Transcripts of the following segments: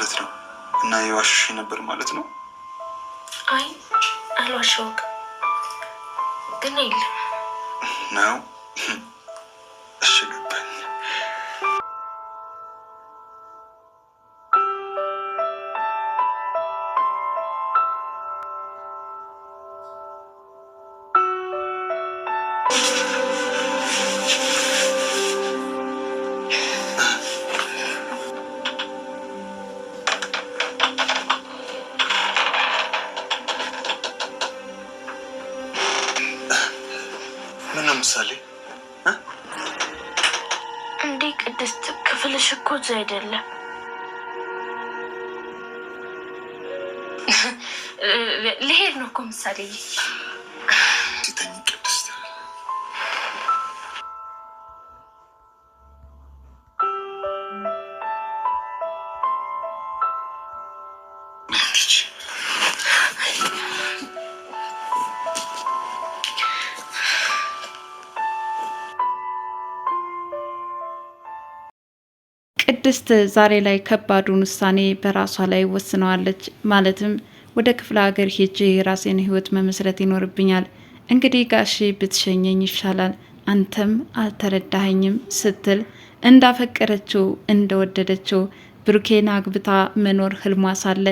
ማለት ነው። እና የዋሸሽ ነበር ማለት ነው። አይ አልዋሸሁም፣ ግን የለም ነው እሺ ገባኝ። ለምሳሌ እንዴ ቅድስት፣ ክፍልሽ እኮ እዛ አይደለም። ልሄድ ነው እኮ ምሳሌ ቅድስት ዛሬ ላይ ከባዱን ውሳኔ በራሷ ላይ ወስነዋለች። ማለትም ወደ ክፍለ ሀገር ሄጄ የራሴን ህይወት መመስረት ይኖርብኛል። እንግዲህ ጋሼ ብትሸኘኝ ይሻላል፣ አንተም አልተረዳኸኝም ስትል እንዳፈቀረችው እንደወደደችው ብሩኬን አግብታ መኖር ህልሟ ሳለ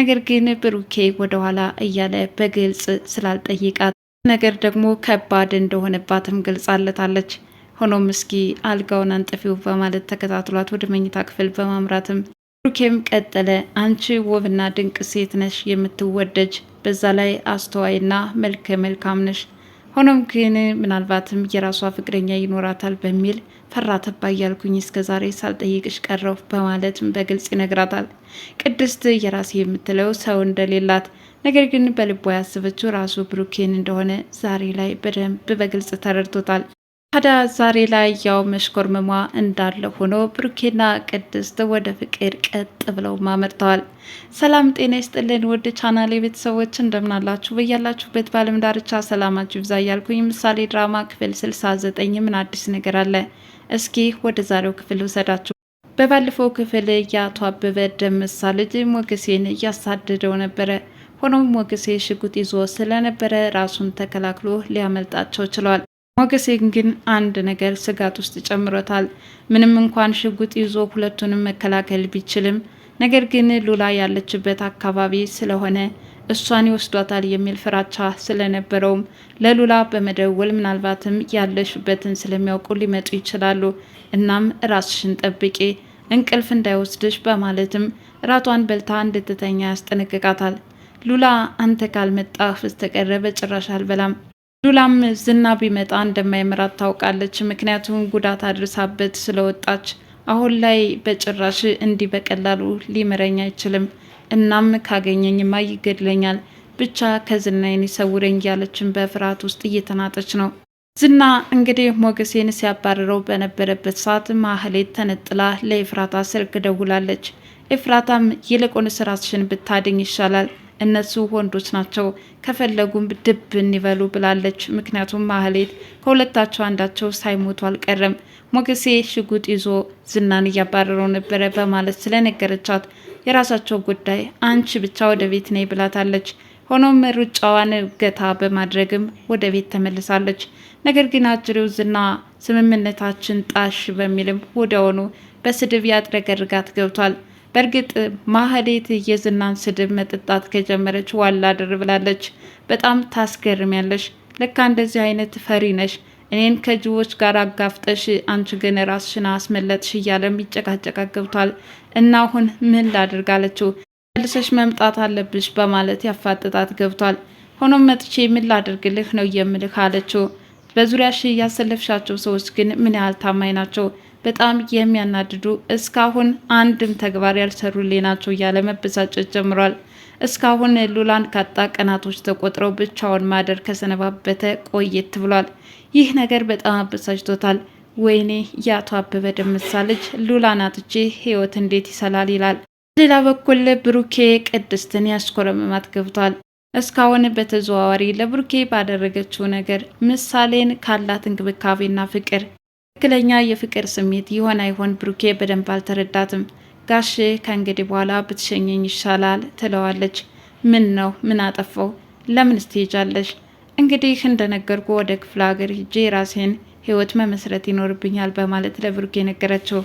ነገር ግን ብሩኬ ወደኋላ እያለ በግልጽ ስላልጠይቃት ነገር ደግሞ ከባድ እንደሆነባትም ገልጻለታለች። ሆኖም እስኪ አልጋውን አንጥፊው በማለት ተከታትሏት ወደ መኝታ ክፍል በማምራትም ብሩኬም ቀጠለ። አንቺ ውብና ድንቅ ሴት ነሽ፣ የምትወደጅ በዛ ላይ አስተዋይና መልከ መልካም ነሽ። ሆኖም ግን ምናልባትም የራሷ ፍቅረኛ ይኖራታል በሚል ፈራተባ እያልኩኝ እስከ ዛሬ ሳልጠይቅሽ ቀረው በማለትም በግልጽ ይነግራታል። ቅድስት የራሴ የምትለው ሰው እንደሌላት ነገር ግን በልቧ ያስበችው ራሱ ብሩኬን እንደሆነ ዛሬ ላይ በደንብ በግልጽ ተረድቶታል። ታዲያ ዛሬ ላይ ያው መሽኮርመሟ እንዳለ ሆኖ ብሩኬና ቅድስት ወደ ፍቅር ቀጥ ብለው ማመርተዋል። ሰላም ጤና ይስጥልን ውድ ቻናሌ ቤተሰቦች እንደምናላችሁ በያላችሁበት በዓለም ዳርቻ ሰላማችሁ ይብዛ እያልኩኝ ምሳሌ ድራማ ክፍል 69 ምን አዲስ ነገር አለ? እስኪ ወደ ዛሬው ክፍል ውሰዳችሁ። በባለፈው ክፍል የአቶ አበበ ደመሳ ልጅ ሞገሴን እያሳደደው ነበረ። ሆኖም ሞገሴ ሽጉጥ ይዞ ስለነበረ ራሱን ተከላክሎ ሊያመልጣቸው ችሏል። ሞገሴን ግን አንድ ነገር ስጋት ውስጥ ጨምሮታል። ምንም እንኳን ሽጉጥ ይዞ ሁለቱንም መከላከል ቢችልም ነገር ግን ሉላ ያለችበት አካባቢ ስለሆነ እሷን ይወስዷታል የሚል ፍራቻ ስለነበረውም ለሉላ በመደወል ምናልባትም ያለሽበትን ስለሚያውቁ ሊመጡ ይችላሉ፣ እናም ራስሽን ጠብቂ፣ እንቅልፍ እንዳይወስድሽ በማለትም ራቷን በልታ እንድትተኛ ያስጠነቅቃታል። ሉላ አንተ ካልመጣህ በስተቀረ በጭራሽ አልበላም ዱላም ዝና ቢመጣ እንደማይምራት ታውቃለች። ምክንያቱም ጉዳት አድርሳበት ስለወጣች አሁን ላይ በጭራሽ እንዲህ በቀላሉ ሊምረኝ አይችልም። እናም ካገኘኝማ ይገድለኛል፣ ብቻ ከዝና ዓይን ይሰውረኝ እያለችን በፍርሃት ውስጥ እየተናጠች ነው። ዝና እንግዲህ ሞገሴን ሲያባረረው በነበረበት ሰዓት ማህሌት ተነጥላ ለኤፍራታ ስልክ ደውላለች። ኤፍራታም ይልቁንስ ራስሽን ብታድኝ ይሻላል እነሱ ወንዶች ናቸው ከፈለጉም ድብን ይበሉ ብላለች። ምክንያቱም ማህሌት ከሁለታቸው አንዳቸው ሳይሞቱ አልቀረም ሞገሴ ሽጉጥ ይዞ ዝናን እያባረረው ነበረ በማለት ስለነገረቻት የራሳቸው ጉዳይ፣ አንቺ ብቻ ወደ ቤት ነይ ብላታለች። ሆኖም ሩጫዋን እገታ በማድረግም ወደ ቤት ተመልሳለች። ነገር ግን አጅሬው ዝና ስምምነታችን ጣሽ በሚልም ወዲያውኑ በስድብ ያጥረገርጋት ገብቷል። በእርግጥ ማህሌት የዝናን ስድብ መጠጣት ከጀመረች ዋላ ድር ብላለች። በጣም ታስገርሚያለሽ። ልካ እንደዚህ አይነት ፈሪ ነሽ። እኔን ከጅቦች ጋር አጋፍጠሽ አንቺ ግን ራስሽን አስመለጥሽ እያለም ይጨቃጨቃ ገብቷል። እና አሁን ምን ላድርግ አለችው። መልሰሽ መምጣት አለብሽ በማለት ያፋጥጣት ገብቷል። ሆኖም መጥቼ ምን ላድርግልህ ነው የምልህ አለችው። በዙሪያሽ ያሰለፍሻቸው ሰዎች ግን ምን ያህል ታማኝ ናቸው? በጣም የሚያናድዱ እስካሁን አንድም ተግባር ያልሰሩልኝ ናቸው እያለ መበሳጨት ጀምሯል። እስካሁን ሉላን ካጣ ቀናቶች ተቆጥረው ብቻውን ማደር ከሰነባበተ ቆየት ብሏል። ይህ ነገር በጣም አበሳጭቶታል። ወይኔ የአቶ አበበ ደመሳ ልጅ ሉላን አጥቼ ህይወት እንዴት ይሰላል ይላል። ሌላ በኩል ብሩኬ ቅድስትን ያስኮረመማት ገብቷል። እስካሁን በተዘዋዋሪ ለብሩኬ ባደረገችው ነገር ምሳሌን ካላት እንክብካቤና ፍቅር ትክክለኛ የፍቅር ስሜት ይሆን አይሆን ብሩኬ በደንብ አልተረዳትም። ጋሽ ከእንግዲህ በኋላ ብትሸኘኝ ይሻላል ትለዋለች። ምን ነው ምን አጠፋው? ለምን ስትሄጃለሽ? እንግዲህ እንደነገርኩ ወደ ክፍለ ሀገር ሂጄ የራሴን ህይወት መመስረት ይኖርብኛል በማለት ለብሩኬ ነገረችው።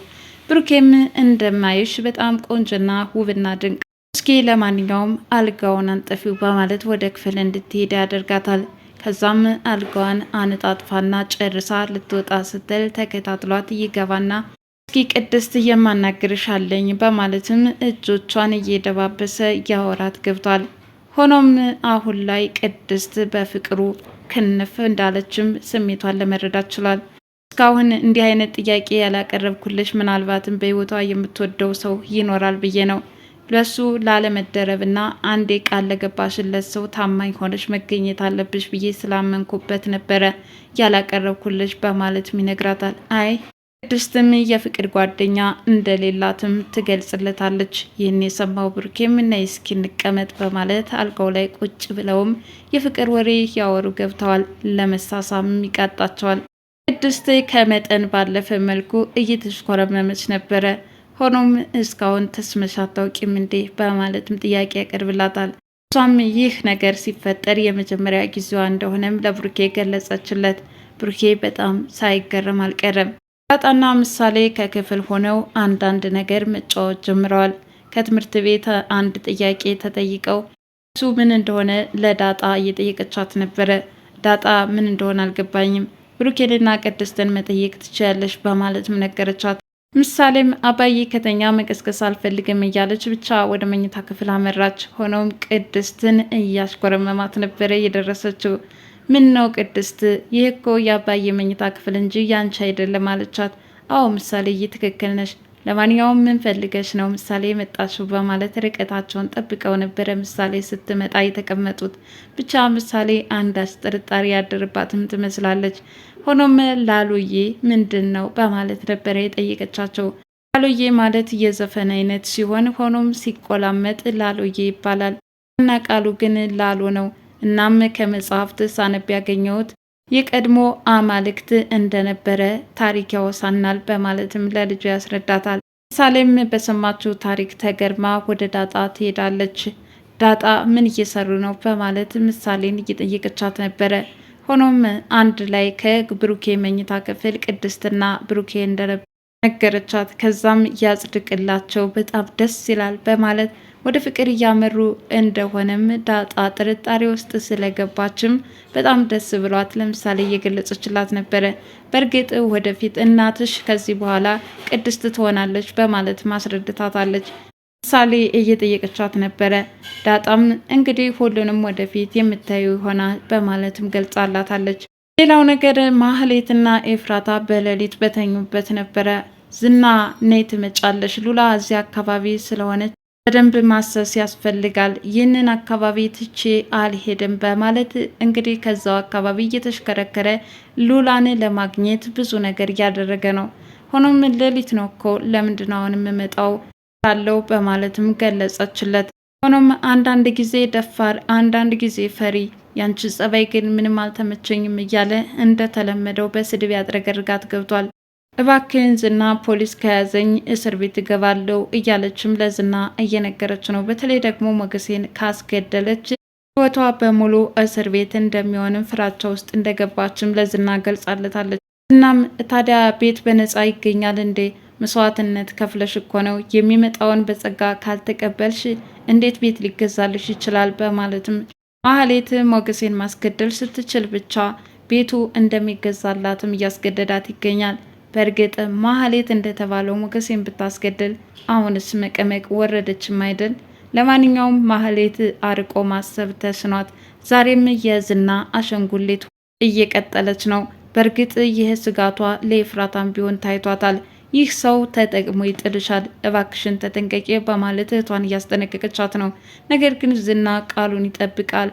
ብሩኬም እንደማይሽ በጣም ቆንጆና ውብና ድንቅ፣ እስኪ ለማንኛውም አልጋውን አንጥፊው በማለት ወደ ክፍል እንድትሄድ ያደርጋታል። ከዛም አልጋዋን አነጣጥፋና ጨርሳ ልትወጣ ስትል ተከታትሏት ይገባና እስኪ ቅድስት የማናግርሽ አለኝ በማለትም እጆቿን እየደባበሰ ያወራት ገብቷል። ሆኖም አሁን ላይ ቅድስት በፍቅሩ ክንፍ እንዳለችም ስሜቷን ለመረዳት ችሏል። እስካሁን እንዲህ አይነት ጥያቄ ያላቀረብኩልሽ ምናልባትም በህይወቷ የምትወደው ሰው ይኖራል ብዬ ነው ለሱ እና አንዴ ቃል ለገባሽለት ሰው ታማኝ ሆነች መገኘት አለብሽ ብዬ ስላመንኩበት ነበረ ያላቀረብኩልሽ በማለትም ይነግራታል። አይ ቅድስትም የፍቅር ጓደኛ እንደሌላትም ትገልጽለታለች። ይህን የሰማው ብሩኬም ነይ እስኪ እንቀመጥ በማለት አልጋው ላይ ቁጭ ብለውም የፍቅር ወሬ ያወሩ ገብተዋል። ለመሳሳምም ይቃጣቸዋል። ቅድስት ከመጠን ባለፈ መልኩ እየተሽኮረመመች ነበረ። ሆኖም እስካሁን ተስመሻ አታውቂም እንዴ በማለትም ጥያቄ ያቀርብላታል። እሷም ይህ ነገር ሲፈጠር የመጀመሪያ ጊዜዋ እንደሆነም ለብሩኬ ገለጸችለት። ብሩኬ በጣም ሳይገረም አልቀረም። ዳጣና ምሳሌ ከክፍል ሆነው አንዳንድ ነገር መጫወት ጀምረዋል። ከትምህርት ቤት አንድ ጥያቄ ተጠይቀው እሱ ምን እንደሆነ ለዳጣ እየጠየቀቻት ነበረ። ዳጣ ምን እንደሆነ አልገባኝም፣ ብሩኬንና ቅድስትን መጠየቅ ትችያለሽ በማለትም ነገረቻት። ምሳሌም አባዬ ከተኛ መቀስቀስ አልፈልግም እያለች ብቻ ወደ መኝታ ክፍል አመራች። ሆኖም ቅድስትን እያሽኮረመማት ነበረ የደረሰችው። ምን ነው ቅድስት፣ ይህ እኮ የአባዬ መኝታ ክፍል እንጂ ያንቺ አይደለም አለቻት። አዎ ምሳሌ ትክክል ነሽ። ለማንኛውም ምን ፈልገሽ ነው ምሳሌ የመጣሽው? በማለት ርቀታቸውን ጠብቀው ነበረ ምሳሌ ስትመጣ የተቀመጡት። ብቻ ምሳሌ አንዳች ጥርጣሬ ያደረባትም ትመስላለች። ሆኖም ላሉዬ ምንድን ነው በማለት ነበረ የጠየቀቻቸው። ላሉዬ ማለት የዘፈን አይነት ሲሆን ሆኖም ሲቆላመጥ ላሉዬ ይባላል እና ቃሉ ግን ላሉ ነው። እናም ከመጽሐፍት ሳነብ ያገኘሁት የቀድሞ አማልክት እንደነበረ ታሪክ ያወሳናል በማለትም ለልጁ ያስረዳታል። ምሳሌም በሰማችው ታሪክ ተገርማ ወደ ዳጣ ትሄዳለች። ዳጣ ምን እየሰሩ ነው በማለት ምሳሌን እየጠየቀቻት ነበረ። ሆኖም አንድ ላይ ከብሩኬ መኝታ ክፍል ቅድስትና ብሩኬ እንደረብ ነገረቻት። ከዛም ያጽድቅላቸው በጣም ደስ ይላል በማለት ወደ ፍቅር እያመሩ እንደሆነም ዳጣ ጥርጣሬ ውስጥ ስለገባችም በጣም ደስ ብሏት ለምሳሌ እየገለጸችላት ነበረ። በእርግጥ ወደፊት እናትሽ ከዚህ በኋላ ቅድስት ትሆናለች በማለት ማስረድታታለች። ምሳሌ እየጠየቀቻት ነበረ። ዳጣም እንግዲህ ሁሉንም ወደፊት የምታዩ ይሆናል በማለትም ገልጻላታለች። ሌላው ነገር ማህሌትና ኤፍራታ በሌሊት በተኙበት ነበረ። ዝና ነይ ትመጫለሽ፣ ሉላ እዚህ አካባቢ ስለሆነች በደንብ ማሰስ ያስፈልጋል፣ ይህንን አካባቢ ትቼ አልሄድም በማለት እንግዲህ ከዛው አካባቢ እየተሽከረከረ ሉላን ለማግኘት ብዙ ነገር እያደረገ ነው። ሆኖም ሌሊት ነው እኮ ለምንድን አሁን የምመጣው አለው በማለትም ገለጸችለት። ሆኖም አንዳንድ ጊዜ ደፋር፣ አንዳንድ ጊዜ ፈሪ፣ ያንቺ ጸባይ ግን ምንም አልተመቸኝም እያለ እንደተለመደው በስድብ ያጥረገርጋት ገብቷል። እባክህን ዝና ፖሊስ ከያዘኝ እስር ቤት እገባለሁ እያለችም ለዝና እየነገረች ነው። በተለይ ደግሞ ሞገሴን ካስገደለች ህይወቷ በሙሉ እስር ቤት እንደሚሆንም ፍራቻ ውስጥ እንደገባችም ለዝና ገልጻለታለች። ዝናም ታዲያ ቤት በነፃ ይገኛል እንዴ? መስዋዕትነት ከፍለሽ እኮ ነው የሚመጣውን በጸጋ ካልተቀበልሽ እንዴት ቤት ሊገዛልሽ ይችላል? በማለትም ማህሌት ሞገሴን ማስገደል ስትችል ብቻ ቤቱ እንደሚገዛላትም እያስገደዳት ይገኛል። በእርግጥ ማህሌት እንደተባለው ሞገሴን ብታስገድል አሁንስ መቀመቅ ወረደችም አይደል? ለማንኛውም ማህሌት አርቆ ማሰብ ተስኗት ዛሬም የዝና አሸንጉሌት እየቀጠለች ነው። በእርግጥ ይህ ስጋቷ ለኤፍራታም ቢሆን ታይቷታል። ይህ ሰው ተጠቅሞ ይጥልሻል፣ እባክሽን ተጠንቀቂ በማለት እህቷን እያስጠነቀቀቻት ነው። ነገር ግን ዝና ቃሉን ይጠብቃል።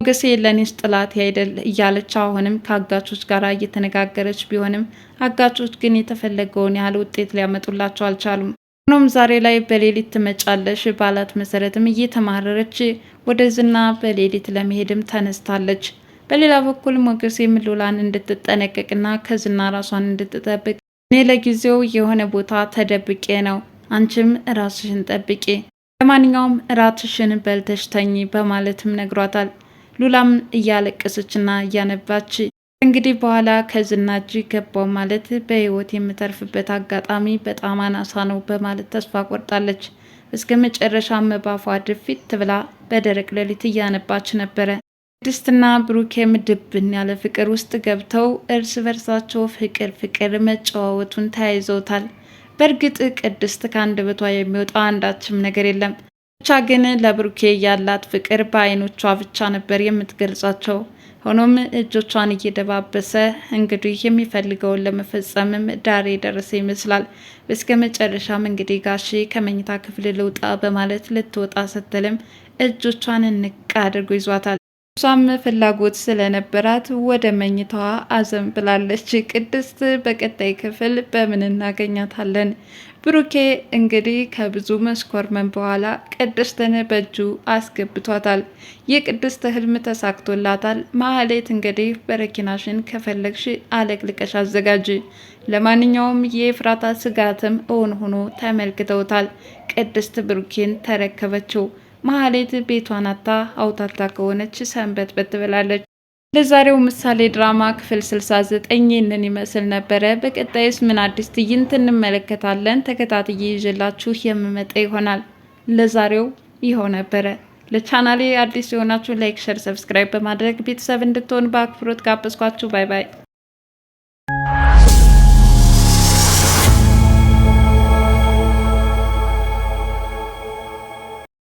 ሞገሴ ለኔስ ጥላት አይደል እያለች አሁንም ከአጋቾች ጋር እየተነጋገረች ቢሆንም አጋቾች ግን የተፈለገውን ያህል ውጤት ሊያመጡላቸው አልቻሉም። ሆኖም ዛሬ ላይ በሌሊት ትመጫለሽ ባላት መሰረትም እየተማረረች ወደ ዝና በሌሊት ለመሄድም ተነስታለች። በሌላ በኩል ሞገሴ ምሉላን እንድትጠነቀቅና ከዝና ራሷን እንድትጠብቅ እኔ ለጊዜው የሆነ ቦታ ተደብቄ ነው፣ አንቺም ራስሽን ጠብቂ፣ ለማንኛውም ራትሽን በልተሽ ተኚ በማለትም ነግሯታል። ሉላም እያለቀሰችና እያነባች እንግዲህ በኋላ ከዝና እጅ ገባው ማለት በህይወት የምተርፍበት አጋጣሚ በጣም አናሳ ነው በማለት ተስፋ ቆርጣለች። እስከ መጨረሻ መባፏ ድፊት ትብላ በደረቅ ሌሊት እያነባች ነበረ። ቅድስትና ብሩኬም ድብን ያለ ፍቅር ውስጥ ገብተው እርስ በርሳቸው ፍቅር ፍቅር መጨዋወቱን ተያይዘውታል። በእርግጥ ቅድስት ከአንደበቷ የሚወጣው አንዳችም ነገር የለም። ብቻ ግን ለብሩኬ ያላት ፍቅር በአይኖቿ ብቻ ነበር የምትገልጻቸው። ሆኖም እጆቿን እየደባበሰ እንግዲህ የሚፈልገውን ለመፈጸምም ዳር የደረሰ ይመስላል። በስከ መጨረሻም እንግዲህ ጋሺ ከመኝታ ክፍል ልውጣ በማለት ልትወጣ ስትልም እጆቿን እንቅ አድርጎ ይዟታል። እሷም ፍላጎት ስለነበራት ወደ መኝታዋ አዘን ብላለች። ቅድስት በቀጣይ ክፍል በምን እናገኛታለን? ብሩኬ እንግዲህ ከብዙ መስኮርመን በኋላ ቅድስትን በእጁ አስገብቷታል። የቅድስት ህልም ተሳክቶላታል። ማህሌት እንግዲህ በረኪናሽን ከፈለግሽ አለቅልቀሽ አዘጋጅ። ለማንኛውም የፍራታ ስጋትም እውን ሆኖ ተመልክተውታል። ቅድስት ብሩኬን ተረከበችው። መሀሌት ቤቷን አታ አውታታ ከሆነች ሰንበት በትብላለች። ለዛሬው ምሳሌ ድራማ ክፍል 69 ይህንን ይመስል ነበረ። በቀጣይስ ምን አዲስ ትዕይንት እንመለከታለን? ተከታትዬ ይዤላችሁ የምመጣ ይሆናል። ለዛሬው ይኸው ነበረ። ለቻናሌ አዲስ የሆናችሁ ላይክ፣ ሸር፣ ሰብስክራይብ በማድረግ ቤተሰብ እንድትሆን በአክብሮት ጋበዝኳችሁ። ባይ ባይ።